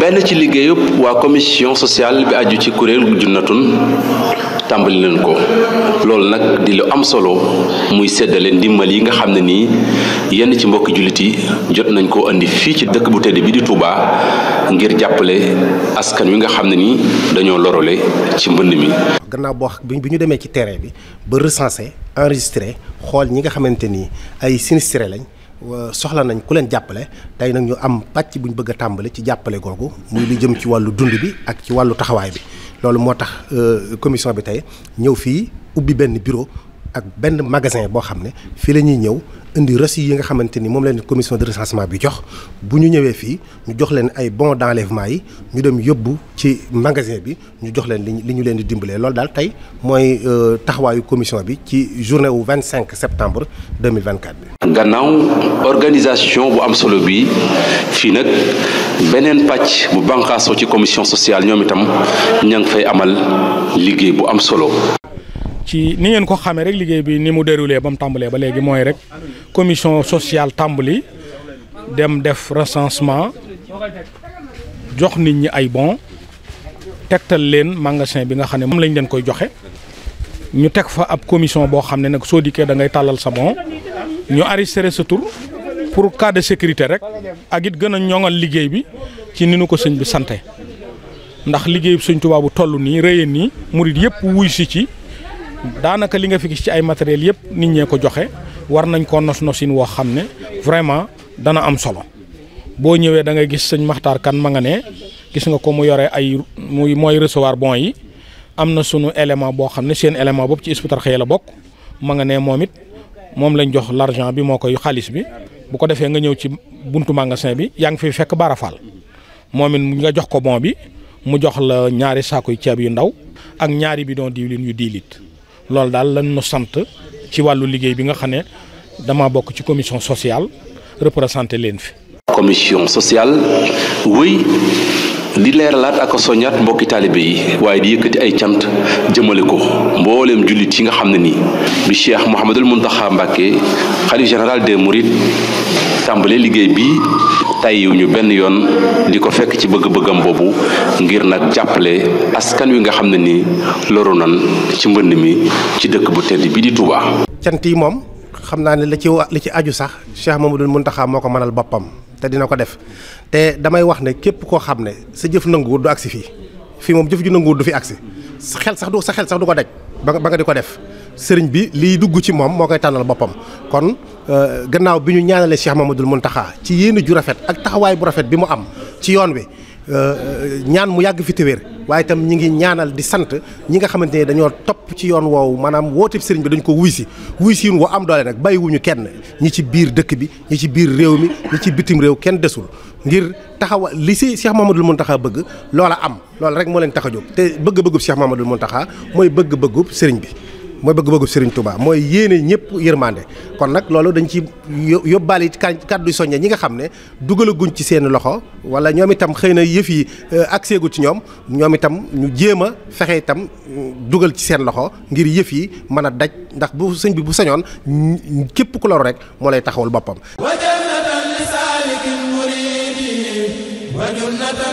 benn ci liggéeyub waa commission sociale bi aju ci kuréel Junatun tàmbali leen ko loolu nag di lu am solo muy séddale ndimbal yi nga xam ne nii yenn ci mbokki jullit yi jot nañ koo indi fii ci dëkk bu tedd bi di Touba ngir jàppale askan wi nga xam ne nii dañoo lorole ci mbënd mi. gannaaw boo bi ñu demee ci terrain bi ba recensé enregistré xool ñi nga xamante ni ay sinistre lañ. soxla nañ ku leen jàppale tey nag ñu am pàcc bu ñu bëgg a tàmbali ci jàppale googu muy lu jëm ci wàllu dund bi ak ci wàllu taxawaay bi loolu moo tax euh, commission bi tey ñëw fii ubbi benn bureau ak benn magasin boo xam ne fii la ñuy ñëw indi reçu yi nga xamante ni moom leen commission de recensement bi jox bu ñu ñëwee fii ñu jox leen ay bons d'enlèvement yi ñu dem yóbbu ci magasin bi ñu jox leen li li ñu leen di dimbalee loolu daal tey mooy euh, taxawaayu commission bi ci journée wu 25 septembre 2024 bi. gannaaw organisation bu am solo bi fii nag beneen pàcc bu bànqaasoo ci commission sociale ñoom itam ña ngi fay amal liggéey bu am solo. ci ni ngeen ko xamee rek liggéey bi ni mu déroulé ba mu tàmbalee ba léegi mooy rek commission sociale tàmbali dem def recensement jox nit ñi ay bon tegtal leen magasin bi nga xam ne moom lañ leen koy joxe ñu teg fa ab commission boo xam ne nag soo dikkee da ngay tàllal sa bon ñu enregistré sa tur pour cas de sécurité rek ak it gën a ñoŋal liggéey bi ci ni nu ko sëñ bi sante ndax liggéey bi Sëñ Tuubaa toll nii rëyeen nii murit yëpp wuy si ci daanaka li nga fi gis ci ay matériel yëpp nit ñee ko joxe war nañ koo nos nosin woo xam ne vraiment dana am solo boo ñëwee da ngay gis sëñ maxtarkan ma nga ne gis nga ko mu yore ay muy mooy recevoir bon yi am na sunu élément boo xam ne seen élément boobu ci ispitar xëye la bokk ma nga ne moom it moom lañ jox l'argent bi moo koy xaalis bi bu ko defee nga ñëw ci buntu magasin bi yaa ngi fi fekk barafal moom it nga jox ko bon bi mu jox la ñaari saako yu ceeb yu ndaw ak ñaari bidon diwlin yu 10 loolu daal lan nu sant ci wàllu liggéey bi nga xam ne dama bokk ci commission sociale représenté leen fi. commission sociale wëy di leeralaat ak soññaat mbokki taalibe yi waaye di yëkkati ay cant jëmale ko mbooleem jullit yi nga xam ne nii bi Cheikh Mouhamadul Mountakha Mbacké xalif général des Mourides tàmbalee liggéey bi tàyyiw ñu benn yoon di ko fekk ci bëgg-bëggam boobu ngir nag jàppale askan wi nga xam ne nii loru nan ci mbënd mi ci dëkk bu tedd bi di Touba. cant yi moom xam naa ne la ci li ci aju sax Cheikh Mamadou Mountakha moo ko mënal boppam te dina ko def te damay wax ne képp koo xam ne sa jëf nanguwut du agsi fii fii moom jëf ju nanguwut du fi agsi sa xel sax du sa xel sax du ko daj ba nga di ko def. sëriñ bi lii dugg ci moom moo koy tànnal boppam kon euh, gannaaw bi ñu ñaanalee Cheikh Mamadou Mountakha ci yéen ju rafet ak taxawaay bu rafet bi mu am ci yoon wi euh, euh, ñaan mu yàgg fi te wér waaye tam ñi ngi ñaanal di sant ñi nga xamante ne dañoo topp ci yoon woowu maanaam woote sëriñ bi dañ ko wuy si wuy si woo am doole nag bàyyiwuñu kenn ñi ci biir dëkk bi ñi ci biir réew mi ñi ci bitim réew kenn desul ngir taxawa li si Cheikh Mamadou Mountakha bëgg loola am loola rek moo leen tax a jóg te bëgg-bëggub Cheikh Mamadou Mountakha mooy bëgg-bëggub sëriñ bi mooy bëgg-bëggu sëriñ Touba mooy yéene ñëpp yërmande kon nag loolu dañ ci yóbbaale it kàddu soññe ñi nga xam ne dugalaguñ ci seen loxo wala ñoom itam xëy na yëf yi euh, ak gu ci ñoom ñoom itam ñu jéem a fexe itam mm, dugal ci seen loxo ngir yëf yi mën a daj ndax bu sëñ bi bu sañoon képp ku loru rek moo lay taxawul boppam. wa jannatan li saalikin muridi wa